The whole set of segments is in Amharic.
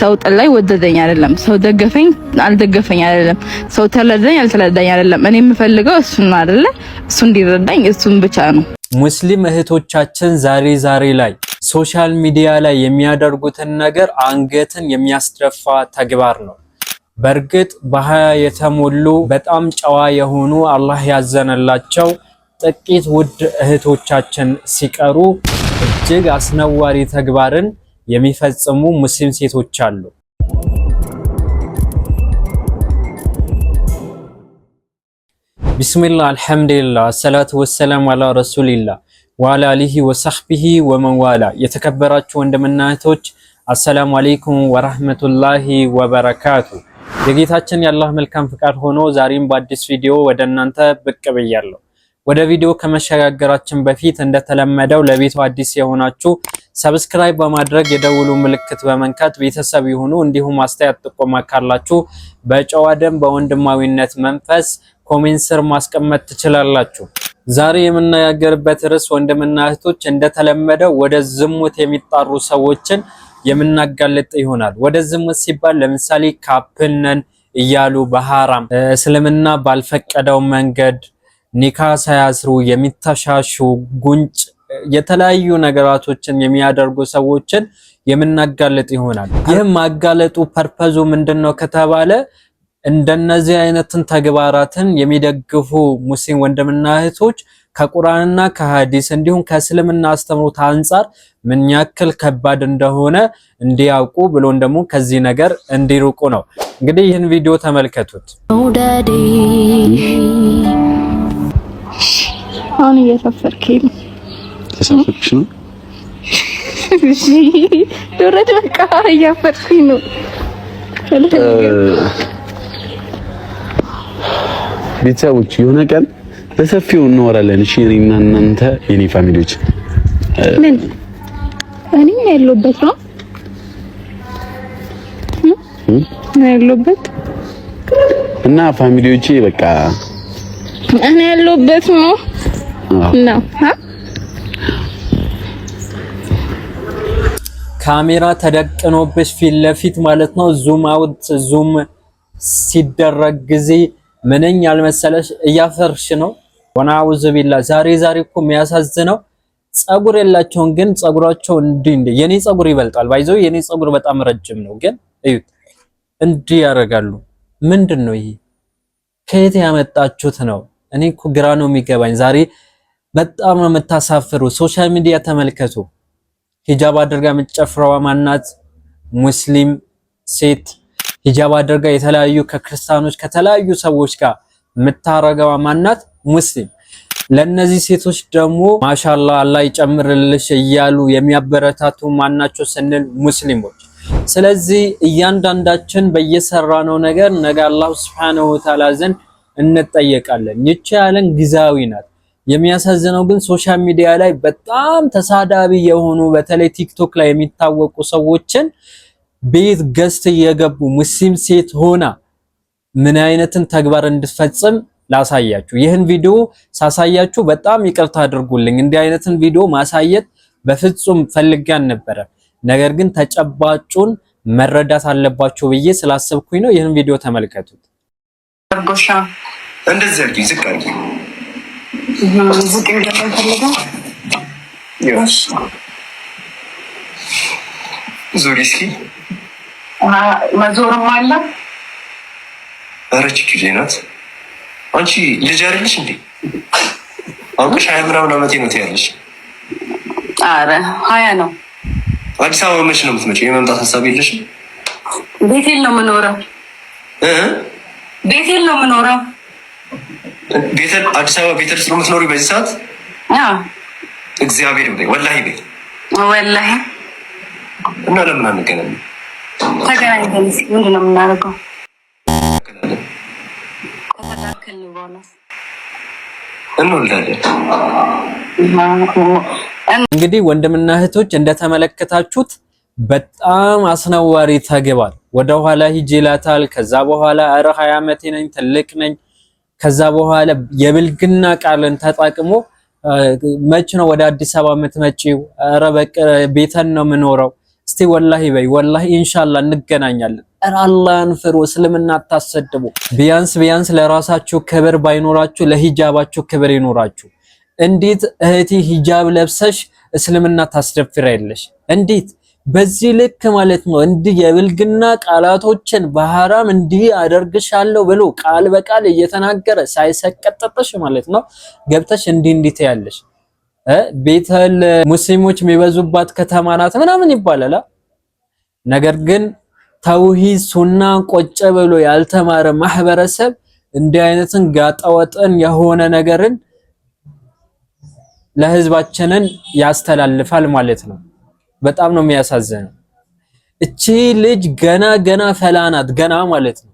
ሰው ጠላኝ ወደደኝ አይደለም፣ ሰው ደገፈኝ አልደገፈኝ አይደለም፣ ሰው ተረዳኝ አልተረዳኝ አይደለም። እኔ የምፈልገው እሱን አይደለ፣ እሱ እንዲረዳኝ እሱን ብቻ ነው። ሙስሊም እህቶቻችን ዛሬ ዛሬ ላይ ሶሻል ሚዲያ ላይ የሚያደርጉትን ነገር አንገትን የሚያስደፋ ተግባር ነው። በእርግጥ በሀያ የተሞሉ በጣም ጨዋ የሆኑ አላህ ያዘነላቸው ጥቂት ውድ እህቶቻችን ሲቀሩ እጅግ አስነዋሪ ተግባርን የሚፈጽሙ ሙስሊም ሴቶች አሉ። ቢስሚላ አልሐምዱሊላህ አሰላቱ ወሰላም አላ ረሱሊላህ ወአላ አሊሂ ወሰህቢሂ ወመንዋላ። የተከበራችሁ ወንድምና እህቶች አሰላሙ አለይኩም ወራህመቱላሂ ወበረካቱ። የጌታችን የአላህ መልካም ፍቃድ ሆኖ ዛሬም በአዲስ ቪዲዮ ወደ እናንተ ብቅ ብያለሁ። ወደ ቪዲዮ ከመሸጋገራችን በፊት እንደተለመደው ለቤቱ አዲስ የሆናችሁ ሰብስክራይብ በማድረግ የደውሉ ምልክት በመንካት ቤተሰብ ይሁኑ። እንዲሁም አስተያየት ጥቆማ ካላችሁ በጨዋ ደም በወንድማዊነት መንፈስ ኮሜንት ስር ማስቀመጥ ትችላላችሁ። ዛሬ የምናያገርበት ርዕስ ወንድምና እህቶች እንደተለመደው ወደ ዝሙት የሚጣሩ ሰዎችን የምናጋልጥ ይሆናል። ወደ ዝሙት ሲባል ለምሳሌ ካፕነን እያሉ በሐራም እስልምና ባልፈቀደው መንገድ ኒካ ሳያስሩ የሚተሻሹ ጉንጭ የተለያዩ ነገራቶችን የሚያደርጉ ሰዎችን የምናጋለጥ ይሆናል። ይህም ማጋለጡ ፐርፐዙ ምንድን ነው ከተባለ እንደነዚህ አይነትን ተግባራትን የሚደግፉ ሙስሊም ወንድምና እህቶች ከቁርአንና ከሐዲስ እንዲሁም ከእስልምና አስተምሮት አንጻር ምን ያክል ከባድ እንደሆነ እንዲያውቁ ብሎን ደግሞ ከዚህ ነገር እንዲርቁ ነው። እንግዲህ ይህን ቪዲዮ ተመልከቱት። አሁን እየሰፈርክ ነው። ተሰፈርክሽ ነው። እሺ ዶረት በቃ እያፈርኩኝ ነው። ቤተሰቦች የሆነ ቀን በሰፊው እናወራለን። እሺ እኔ እናንተ የኔ ፋሚሊዎች ምን እኔ ያለሁበት ነው ያለሁበት እና ፋሚሊዎቼ በቃ እኔ ያለሁበት ነው ነው ካሜራ ተደቅኖብሽ ፊት ለፊት ማለት ነው። ዙም አውት ዙም ሲደረግ ጊዜ ምንኛ ያልመሰለሽ እያፈርሽ ነው። ወናውዝ ቢላ ዛሬ ዛሬ እኮ የሚያሳዝነው ጸጉር የላቸውን ግን ጸጉራቸው እንዲህ እንዲህ የኔ ጸጉር ይበልጣል። ባይዘው የኔ ጸጉር በጣም ረጅም ነው፣ ግን እዩት እንዲህ ያደርጋሉ። ምንድን ነው ይሄ? ከየት ያመጣችሁት ነው? እኔ እኮ ግራ ነው የሚገባኝ። ዛሬ በጣም ነው የምታሳፍሩ። ሶሻል ሚዲያ ተመልከቱ። ሂጃብ አድርጋ የምትጨፍረው ማናት? ሙስሊም ሴት ሂጃብ አድርጋ የተለያዩ ከክርስቲያኖች ከተለያዩ ሰዎች ጋር የምታረገዋ ማናት? ሙስሊም። ለነዚህ ሴቶች ደግሞ ማሻላ አላህ ይጨምርልሽ እያሉ የሚያበረታቱ ማናቸው ስንል ሙስሊሞች። ስለዚህ እያንዳንዳችን በየሰራነው ነገር ነገ አላህ ሱብሓነሁ ወተዓላ ዘንድ እንጠየቃለን። ይቺ ዓለም ጊዜያዊ ናት። የሚያሳዝነው ግን ሶሻል ሚዲያ ላይ በጣም ተሳዳቢ የሆኑ በተለይ ቲክቶክ ላይ የሚታወቁ ሰዎችን ቤት ገዝት እየገቡ ሙስሊም ሴት ሆና ምን አይነትን ተግባር እንድትፈጽም ላሳያችሁ። ይህን ቪዲዮ ሳሳያችሁ በጣም ይቅርታ አድርጉልኝ። እንዲህ አይነትን ቪዲዮ ማሳየት በፍጹም ፈልጌ ነበረ፣ ነገር ግን ተጨባጩን መረዳት አለባችሁ ብዬ ስላሰብኩኝ ነው። ይህን ቪዲዮ ተመልከቱት። ጎሻ እንደዚህ አድርጊ፣ ዝቅ አድርጊ። ዝቅ ይፈልጋል። ዙሪ እስኪ መዞርም አለ። ኧረ ችግር ናት። አንቺ ልጅ አይደለሽ እንዴ? አውቅሽ ሀያ ምናምን አመቴ ነው ትያለሽ። ኧረ ሀያ ነው። አዲስ አበባ መች ነው የምትመጪው? የመምጣት ሀሳብ የለሽም? ቤቴን ነው የምኖረው ቤቴል ነው የምኖረው። ቤተል አዲስ አበባ ውስጥ ነው የምትኖሪ በዚህ ሰዓት እግዚአብሔር ይመስገን። ወላሂ ቤት ወላሂ። እና ለምን አንገናኝ? ተገናኝተን ምንድን ነው የምናደርገው? ከተካከልን በኋላ እንግዲህ ወንድምና እህቶች እንደተመለከታችሁት በጣም አስነዋሪ ተግባር። ወደኋላ ሂጅ ይላታል። ከዛ በኋላ አረ 20 ዓመቴ ነኝ ትልቅ ነኝ። ከዛ በኋላ የብልግና ቃልን ተጠቅሞ መች ነው ወደ አዲስ አበባ የምትመጪው? እረ በቃ ቤተን ነው የምኖረው። እስቲ ወላሂ በይ ወላሂ ኢንሻአላህ እንገናኛለን። እረ አላህን ፍሩ፣ እስልምና አታሰድቡ። ቢያንስ ቢያንስ ለራሳችሁ ክብር ባይኖራችሁ ለሂጃባችሁ ክብር ይኖራችሁ። እንዴት እህቲ ሂጃብ ለብሰሽ እስልምና ታስደፍራለሽ? እንዴት በዚህ ልክ ማለት ነው እንዲህ የብልግና ቃላቶችን በሐራም እንዲህ አደርግሻለሁ ብሎ ቃል በቃል እየተናገረ ሳይሰቀጥጥሽ ማለት ነው ገብተሽ እንዲህ እንዲህ ትያለሽ። ቤተል ሙስሊሞች የሚበዙባት ከተማ ናት ምናምን ይባላል። ነገር ግን ተውሂድ ሱና ቆጨ ብሎ ያልተማረ ማህበረሰብ እንዲህ አይነትን ጋጠወጥን የሆነ ነገርን ለህዝባችንን ያስተላልፋል ማለት ነው። በጣም ነው የሚያሳዝነው። እቺ ልጅ ገና ገና ፈላናት ገና ማለት ነው።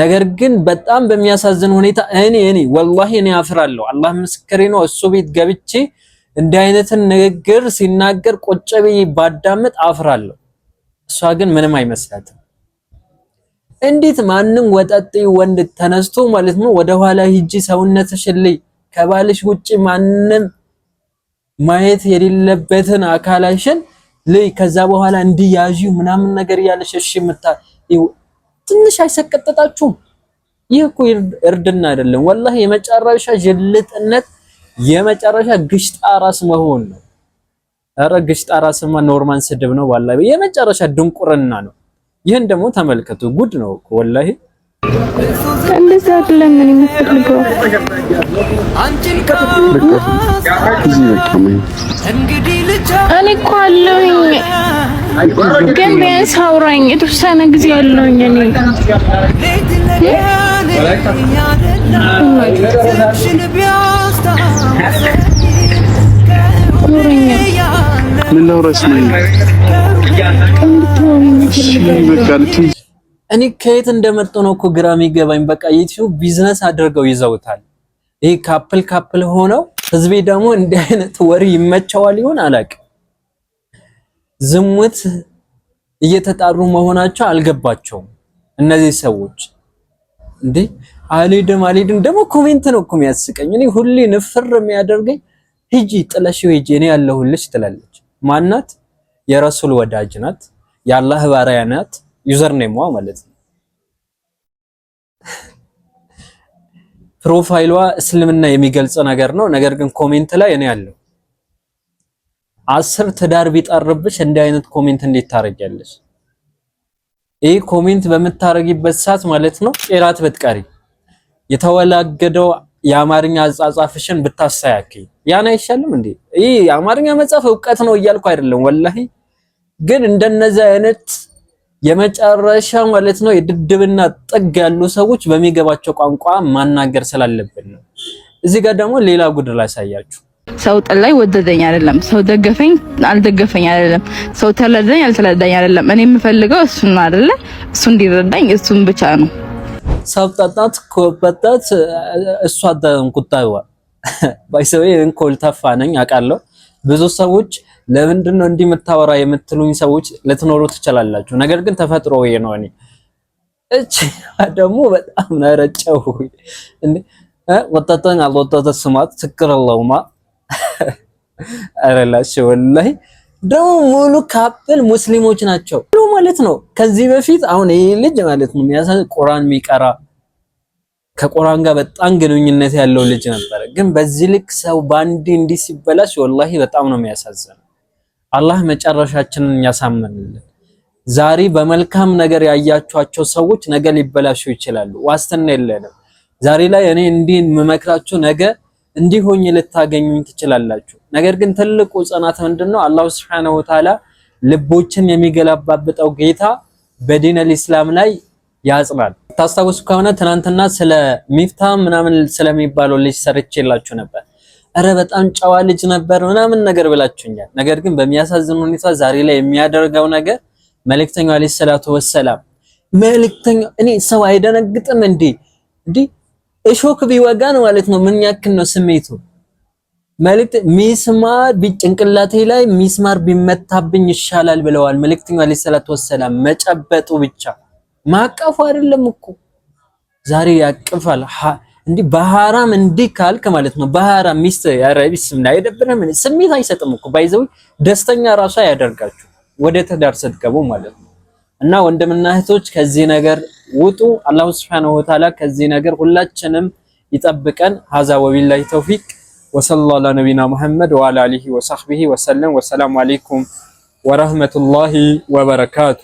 ነገር ግን በጣም በሚያሳዝን ሁኔታ እኔ እኔ ወላሂ እኔ አፍራለሁ። አላህ ምስክሬ ነው። እሱ ቤት ገብቼ እንዲህ አይነትን ንግግር ሲናገር ቁጭ ብዬ ባዳምጥ አፍራለሁ። እሷ ግን ምንም አይመስላትም። እንዴት ማንም ወጠጤ ወንድ ተነስቶ ማለት ነው ወደ ኋላ ሂጂ ሰውነትሽን ለይ ከባልሽ ውጪ ማንም ማየት የሌለበትን አካላሽን ልይ ከዛ በኋላ እንዲያዩ ምናምን ነገር እያለሽ እሺ ምታ ትንሽ አይሰቀጠጣችሁም? ይህ እኮ እርድና አይደለም። ወላሂ የመጨረሻ ጅልጥነት የመጨረሻ ግሽጣ ራስ መሆን ነው። አረ ግሽጣ ራስማ ኖርማን ስድብ ነው። ባላ የመጨረሻ ድንቁርና ነው። ይህን ደግሞ ተመልከቱ። ጉድ ነው ወላሂ እንደዛ አይደለም። ምን የምትፈልገው እኔ እኮ አለሁኝ፣ ግን ቢያንስ አውራኝ የተወሰነ ጊዜ አለሁኝ እኔ ምን እኔ ከየት እንደመጡ ነው እኮ ግራ የሚገባኝ። በቃ ዩቲዩብ ቢዝነስ አድርገው ይዘውታል። ይሄ ካፕል ካፕል ሆነው ህዝቤ ደግሞ እንዲህ አይነት ወሬ ይመቸዋል ይሆን አላውቅም። ዝሙት እየተጣሩ መሆናቸው አልገባቸውም። እነዚህ ሰዎች እንዴ አልሄድም አልሄድም። ደግሞ ኮሜንት ነው እኮ የሚያስቀኝ። እኔ ሁሌ ንፍር የሚያደርገኝ ሂጂ ጥለሽው ሂጂ እኔ ያለሁልሽ ትላለች። ማናት? የረሱል ወዳጅ ናት፣ የአላህ ባሪያ ናት። ዩዘር ኔሟ ማለት ነው። ፕሮፋይሏ እስልምና የሚገልጽ ነገር ነው። ነገር ግን ኮሜንት ላይ እኔ ያለው አስር ትዳር ቢጠርብሽ እንዲህ አይነት ኮሜንት እንዴት ታረጊያለሽ? ይህ ኮሜንት በምታረጊበት ሰዓት ማለት ነው ጤራት ብትቀሪ የተወላገደው የአማርኛ አጻጻፍሽን ብታስተካክይ ያን አይሻልም እንዴ? ይህ የአማርኛ መጽሐፍ እውቀት ነው እያልኩ አይደለም፣ ወላሂ ግን እንደነዚህ አይነት የመጨረሻ ማለት ነው የድድብና ጥግ ያሉ ሰዎች በሚገባቸው ቋንቋ ማናገር ስላለብን ነው። እዚህ ጋር ደግሞ ሌላ ጉድ ላሳያችሁ። ሰው ጠላኝ ወደደኝ አይደለም፣ ሰው ደገፈኝ አልደገፈኝ አይደለም፣ ሰው ተረዳኝ አልተረዳኝ አይደለም። እኔ የምፈልገው እሱን አይደለ እሱ እንዲረዳኝ እሱን ብቻ ነው። ሰብጠጣት ኮበጣት እሷ አዳን ቁጣዋ ባይሰው ኮልታፋ ነኝ አውቃለሁ ብዙ ሰዎች ለምንድን ነው እንዲህ የምታወራ የምትሉኝ ሰዎች ልትኖሩ ትችላላችሁ። ነገር ግን ተፈጥሮ ነው። እኔ እቺ ደግሞ በጣም ነረጨው እንዴ ወጣተን አልወጣተ ስማት ትክረለውማ አረላሽ ወላይ ደግሞ ሙሉ ካፕል ሙስሊሞች ናቸው ማለት ነው። ከዚህ በፊት አሁን ይሄ ልጅ ማለት ነው ቁርአን የሚቀራ ከቁርአን ጋር በጣም ግንኙነት ያለው ልጅ ነበረ። ግን በዚህ ልክ ሰው ባንዲ እንዲህ ሲበላሽ ወላሂ በጣም ነው የሚያሳዝነው። አላህ መጨረሻችንን ያሳምንልን። ዛሬ በመልካም ነገር ያያችኋቸው ሰዎች ነገ ሊበላሹ ይችላሉ። ዋስትና የለንም። ዛሬ ላይ እኔ እንዲህ የምመክራችሁ ነገ እንዲህ ሆኜ ልታገኙኝ ትችላላችሁ። ነገር ግን ትልቁ ጽናት ምንድነው? አላህ ሱብሓነሁ ወተዓላ ልቦችን የሚገለባብጠው ጌታ በዲን አልኢስላም ላይ ያጽናል። ታስታውሱ ከሆነ ትናንትና ስለ ሚፍታ ምናምን ስለሚባለው ልጅ ሰርቼላችሁ ነበር። እረ በጣም ጨዋ ልጅ ነበር ምናምን ነገር ብላችሁኛል። ነገር ግን በሚያሳዝን ሁኔታ ዛሬ ላይ የሚያደርገው ነገር መልእክተኛው አለይሂ ሰላቱ ወሰላም መልእክተኛው እኔ ሰው አይደነግጥም እንዴ? እንዴ እሾክ ቢወጋን ማለት ነው ምን ያክል ነው ስሜቱ? መልእክት ሚስማር ጭንቅላቴ ላይ ሚስማር ቢመታብኝ ይሻላል ብለዋል መልእክተኛው አለይሂ ሰላቱ ወሰላም። መጨበጡ ብቻ ማቀፉ አይደለም እኮ ዛሬ ያቅፋል። እንዲህ በሐራም እንዲህ ካልክ ማለት ነው በሐራም ሚስት ያረቢስ ምን አይደብርም? ስሜት አይሰጥም እኮ ባይዘው ደስተኛ ራሷ ያደርጋችሁ ወደ ትዳር ስትገቡ ማለት ነው። እና ወንድምና እህቶች ከዚህ ነገር ውጡ። አላሁ ሱብሓነሁ ወተዓላ ከዚህ ነገር ሁላችንም ይጠብቀን። ሀዛ ወቢላሂ ተውፊቅ ወሰለላሁ ዐላ ነቢና ሙሐመድ ወዐላ አሊሂ ወሰህቢሂ ወሰለም። ወሰላሙ አለይኩም ወረህመቱላሂ ወበረካቱ